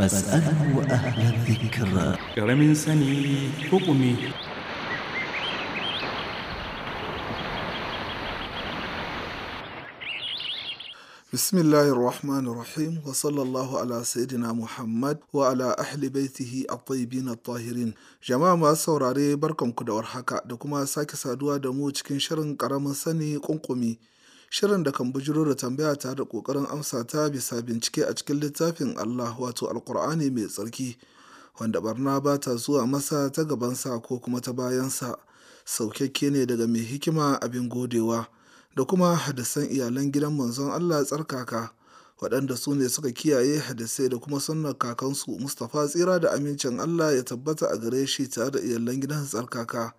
فاسأله أهل الذكر من سني حكمي بسم الله الرحمن الرحيم وصلى الله على سيدنا محمد وعلى أهل بيته الطيبين الطاهرين جماعة ما سوراري بركم كدور حكا دكما ساكي سادوا دمو تكين شرن كرام سني قنقمي shirin da kan bujiro da tambaya tare da kokarin amsa ta bisa bincike a cikin littafin Allah wato alkur'ani mai tsarki wanda barna ba ta zuwa masa ta gabansa ko kuma ta bayansa saukakke ne daga mai hikima abin godewa da kuma hadisan iyalan gidan manzon Allah tsarkaka waɗanda su ne suka kiyaye hadisai da kuma sunnar kakansu Mustapha tsira da amincin Allah ya tabbata a gare shi tare da iyalan gidan tsarkaka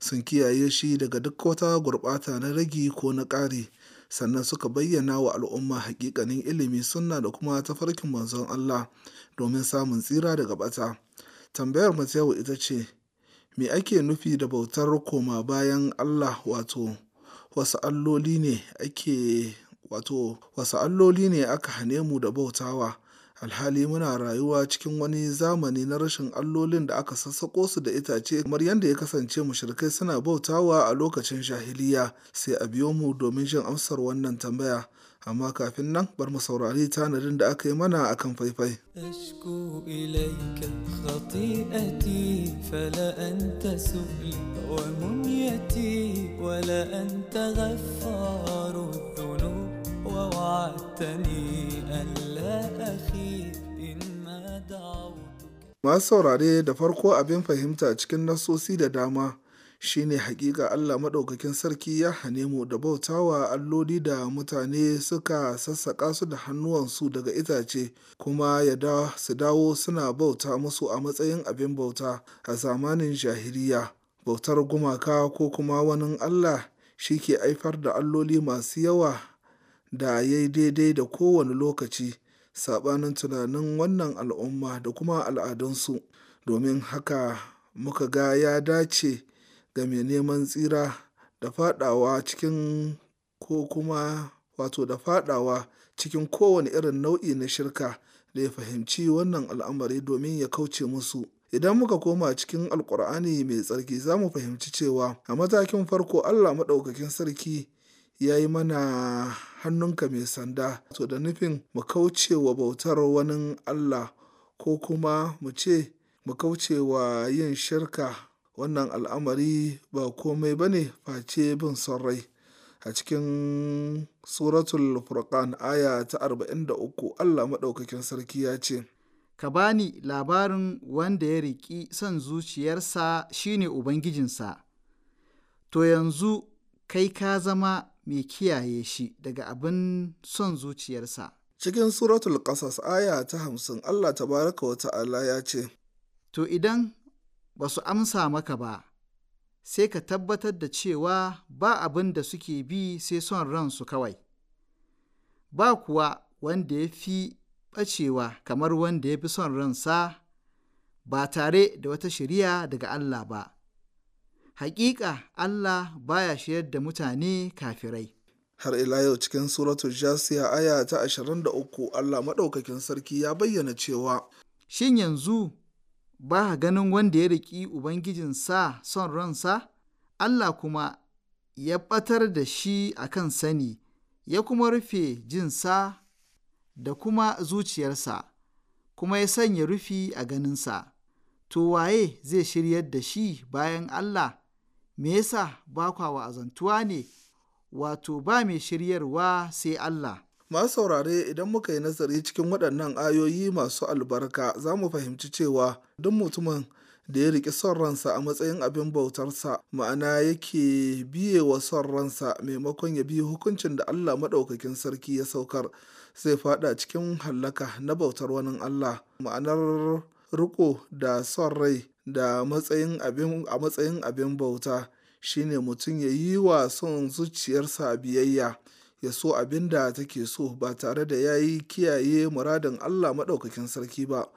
sun kiyaye shi daga duk wata gurɓata na ragi ko na ƙari sannan suka bayyana wa al'umma hakikanin ilimi sunna da kuma tafarkin manzon Allah domin samun tsira daga bata tambayar mata yau ita ce me ake nufi da bautar koma bayan Allah wato wasu alloli ne ake wato wasu alloli ne aka hane mu da bautawa alhali muna rayuwa cikin wani zamani na rashin allolin da aka sassako su da itace kamar yadda ya kasance mushrikai suna bautawa a lokacin shahiliya sai a biyo mu domin jin amsar wannan tambaya amma kafin nan bar mu saurari tanadin da aka yi mana a kan faifai وعدتني ألا masu saurare da farko abin fahimta cikin nasosi da dama shine hakika Allah maɗaukakin sarki ya hane mu da bautawa alloli da mutane suka sassaƙa su da hannuwansu daga itace kuma ya da su dawo suna bauta musu a matsayin abin bauta a zamanin jahiliya bautar gumaka ko kuma wani Allah shi ke aifar da alloli masu yawa da ya yi daidai da kowane lokaci saɓanin tunanin wannan al'umma da kuma al'adunsu, domin haka muka ga ya dace ga mai neman tsira da faɗawa cikin ko kuma wato da faɗawa cikin kowane irin nau'i na shirka da ya fahimci wannan al'amari domin ya kauce musu. Idan muka koma cikin Alƙur'ani mai tsarki za mu fahimci cewa a matakin farko Allah Maɗaukakin Sarki ya yi mana hannunka mai sanda to da nufin mu kauce wa bautar wani Allah ko kuma mu ce mu kauce wa yin shirka wannan al'amari ba komai ba ne face bin son rai a cikin suratul furqan aya ta 43 Allah maɗaukakin sarki ya ce ka bani labarin wanda ya riƙi son zuciyarsa shine ubangijinsa to yanzu kai ka zama mai kiyaye shi daga abin son zuciyarsa. Cikin suratul ƙasas aya ta hamsin Allah tabaraka wa ta'ala ya ce, To idan ba su amsa maka ba, sai ka tabbatar da cewa ba abin da suke bi sai son ransu kawai, ba kuwa wanda ya fi ɓacewa kamar wanda ya fi son ransa ba tare da wata shiriya daga Allah ba. Hakika Allah baya shiyar da mutane kafirai. Har ila yau cikin suratul Jasiya aya ta uku, Allah maɗaukakin sarki ya bayyana cewa Shin yanzu ba ganin wanda ya riƙi Ubangijinsa son ransa? Allah kuma ya ɓatar da shi a kan sani, ya kuma rufe jinsa da kuma zuciyarsa, kuma ya sanya rufi a ganinsa. To waye zai shiryar da shi bayan Allah? me yasa ba kwa wa'azantuwa ne wato ba mai shiryarwa sai Allah. Masu saurare idan muka yi nazari cikin waɗannan ayoyi masu albarka za mu fahimci cewa duk mutumin da ya riƙe son ransa a matsayin abin bautarsa ma'ana yake biye wa son ransa maimakon ya bi hukuncin da Allah maɗaukakin sarki ya saukar zai faɗa cikin hallaka na bautar wani Allah ma'anar riko da son rai da matsayin a matsayin abin bauta shine mutum ya yi wa son zuciyarsa biyayya ya so abin da take so ba tare da ya yi kiyaye muradin Allah maɗaukakin sarki ba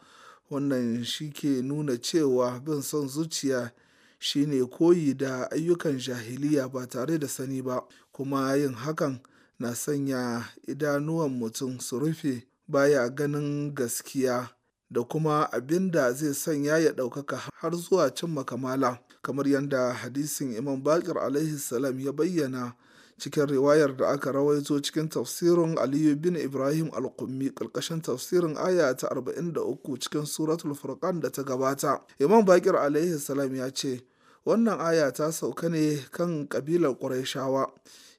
wannan shi ke nuna cewa bin son zuciya shine koyi da ayyukan jahiliya ba tare da sani ba kuma yin hakan na sanya idanuwan mutum su rufe baya ganin gaskiya da kuma abin da zai sanya ya ɗaukaka har zuwa cimma kamala kamar yadda hadisin imam bakir alaihi salam ya bayyana cikin riwayar da aka rawaito cikin tafsirin aliyu bin ibrahim al-qummi ƙarƙashin tafsirin aya ta 43 cikin suratul furqan da ta gabata imam bakir alaihi salam ya ce wannan aya ta sauka ne kan ƙabilar ƙurayshawa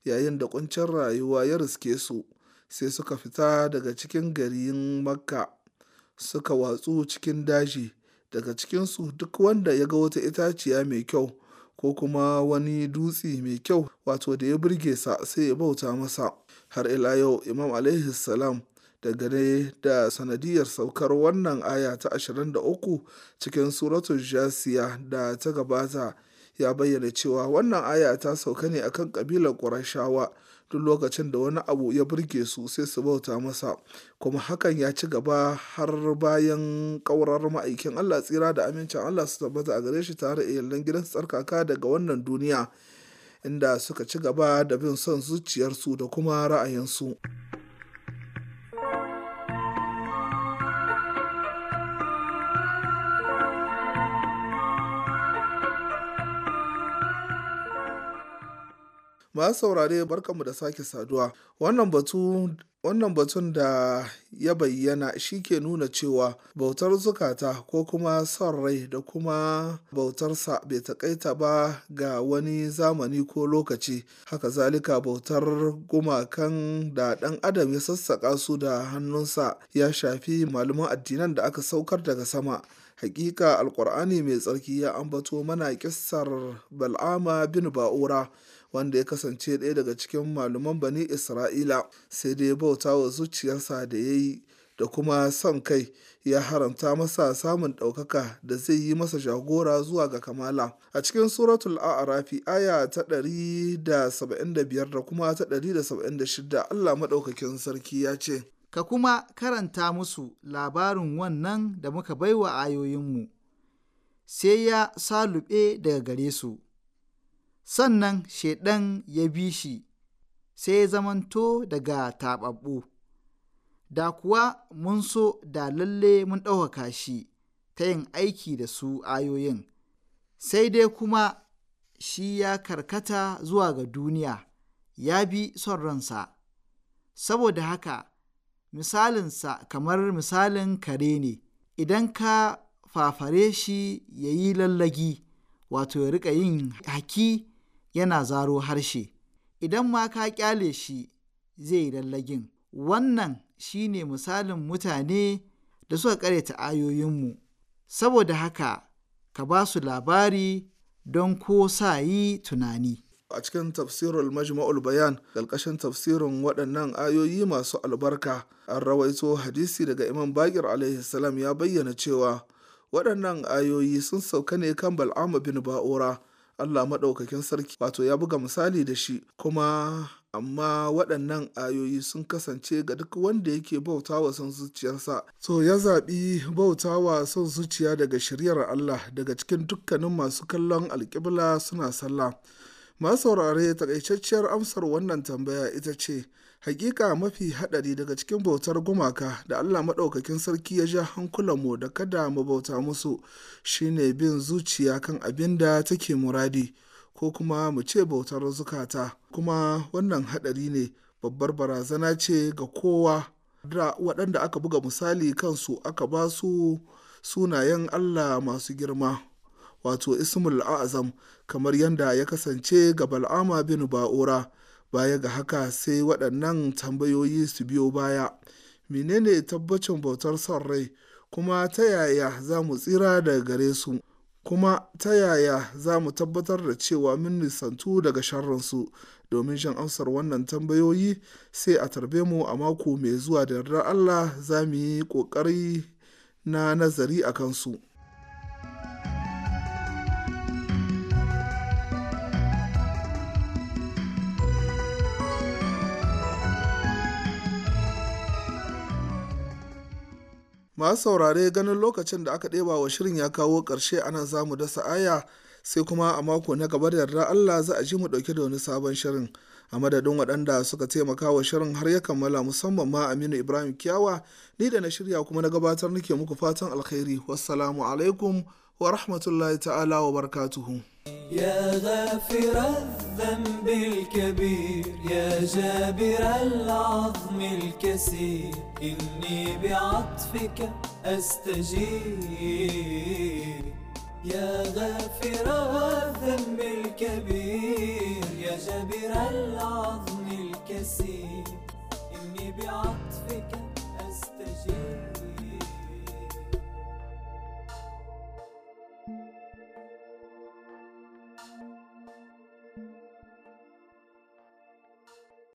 yayin da ƙuncin rayuwa ya riske su sai suka fita daga cikin garin makka suka watsu cikin daji, daga cikinsu duk wanda ya ga wata itaciya mai kyau ko kuma wani dutse mai kyau wato da ya burge sa sai ya bauta masa. Har ila yau Imam alaihi salam ne da sanadiyar saukar wannan aya ta 23 cikin suratun jasiya da ta gabata ya bayyana cewa wannan aya ta sauka ne akan kabilar kurashawa duk lokacin da wani abu ya burge su sai su bauta masa kuma hakan ya ci gaba har bayan kaurar ma'aikin Allah tsira da amincin Allah su tabbata a gare shi tare yallan gidan tsarkaka daga wannan duniya inda suka ci gaba da bin son zuciyarsu da kuma ra'ayinsu. ma saurare barkanmu da sake saduwa wannan batu wannan batun da ya bayyana shi ke nuna cewa bautar zukata ko kuma son rai da kuma bautarsa bai takaita ba ga wani zamani ko lokaci haka zalika bautar gumakan da ɗan adam ya sassaƙa su da hannunsa ya shafi malaman addinan da aka saukar daga sama hakika alkur'ani mai tsarki ya ambato mana kissar bal'ama bin ba'ura wanda ya kasance ɗaya daga cikin malaman bani isra'ila sai dai bauta wa zuciyarsa da ya yi da kuma son kai ya haramta masa samun ɗaukaka da zai yi masa jagora zuwa ga kamala a cikin suratul a'rafi aya ta 175 da kuma ta shida Allah maɗaukakin sarki ya ce ka kuma karanta musu labarin wannan da muka baiwa ayoyinmu sai ya salube daga gare su sannan shaiɗan ya bi shi sai ya zamanto daga taɓaɓɓu da kuwa mun so da lalle mun ɗaukaka shi ta yin aiki da su ayoyin sai dai kuma shi ya karkata zuwa ga duniya ya bi son ransa saboda haka misalinsa kamar misalin kare ne idan ka fafare shi ya yi lallagi wato ya riƙa yin haki yana zaro harshe idan ma ka ƙyale shi zai yi lallagin wannan shi ne misalin mutane da suka ta ayoyinmu saboda haka ka ba su labari don ko sa yi tunani a cikin tafsirul majma'ul bayan ƙarƙashin tafsirin waɗannan ayoyi masu albarka an rawaito hadisi daga imam bakir alaihi salam ya bayyana cewa waɗannan ayoyi sun sauka ne kan bal'ama bin ba'ura Allah maɗaukakin sarki wato ya buga misali da shi kuma amma waɗannan ayoyi sun kasance ga duk wanda yake bauta wa son zuciyarsa so ya zaɓi bauta wa son zuciya daga shiryar Allah daga cikin dukkanin masu kallon alƙibla suna sallah masaurare saurare takaitacciyar amsar wannan tambaya ita ce, hakika mafi haɗari daga cikin bautar gumaka da Allah maɗaukakin sarki ya ja hankulanmu da kada mu bauta musu shine bin zuciya kan abin da take muradi ko kuma mu ce bautar zukata kuma wannan haɗari ne babbar barazana ce ga kowa da waɗanda aka buga misali kansu aka ba su sunayen Allah masu girma wato ismul azam kamar yadda ya kasance ga bal'ama bin ba'ura baya ga haka sai waɗannan tambayoyi su biyo baya menene tabbacin bautar son rai kuma ta yaya za mu tsira da gare su kuma ta yaya za mu tabbatar da cewa mun nisantu daga sharrinsu domin shan amsar wannan tambayoyi sai a tarbe mu a mako mai zuwa da yardar Allah za mu yi ƙoƙari na nazari a kansu. masu saurare ganin lokacin da aka ɗeba wa shirin ya kawo ƙarshe anan za mu dasa aya sai kuma a mako na gaba da yarda Allah za a ji mu ɗauki da wani sabon shirin a madadin waɗanda suka taimaka wa shirin har ya kammala musamman ma Aminu Ibrahim Kiyawa ni da na shirya kuma na gabatar nake muku fatan alkhairi wasalamu alaikum wa rahmatullahi ta'ala wa barkatuhu. يا غافر الذنب الكبير يا جابر العظم الكسير إني بعطفك أستجير يا غافر الذنب الكبير يا جابر العظم الكسير إني بعطفك أستجير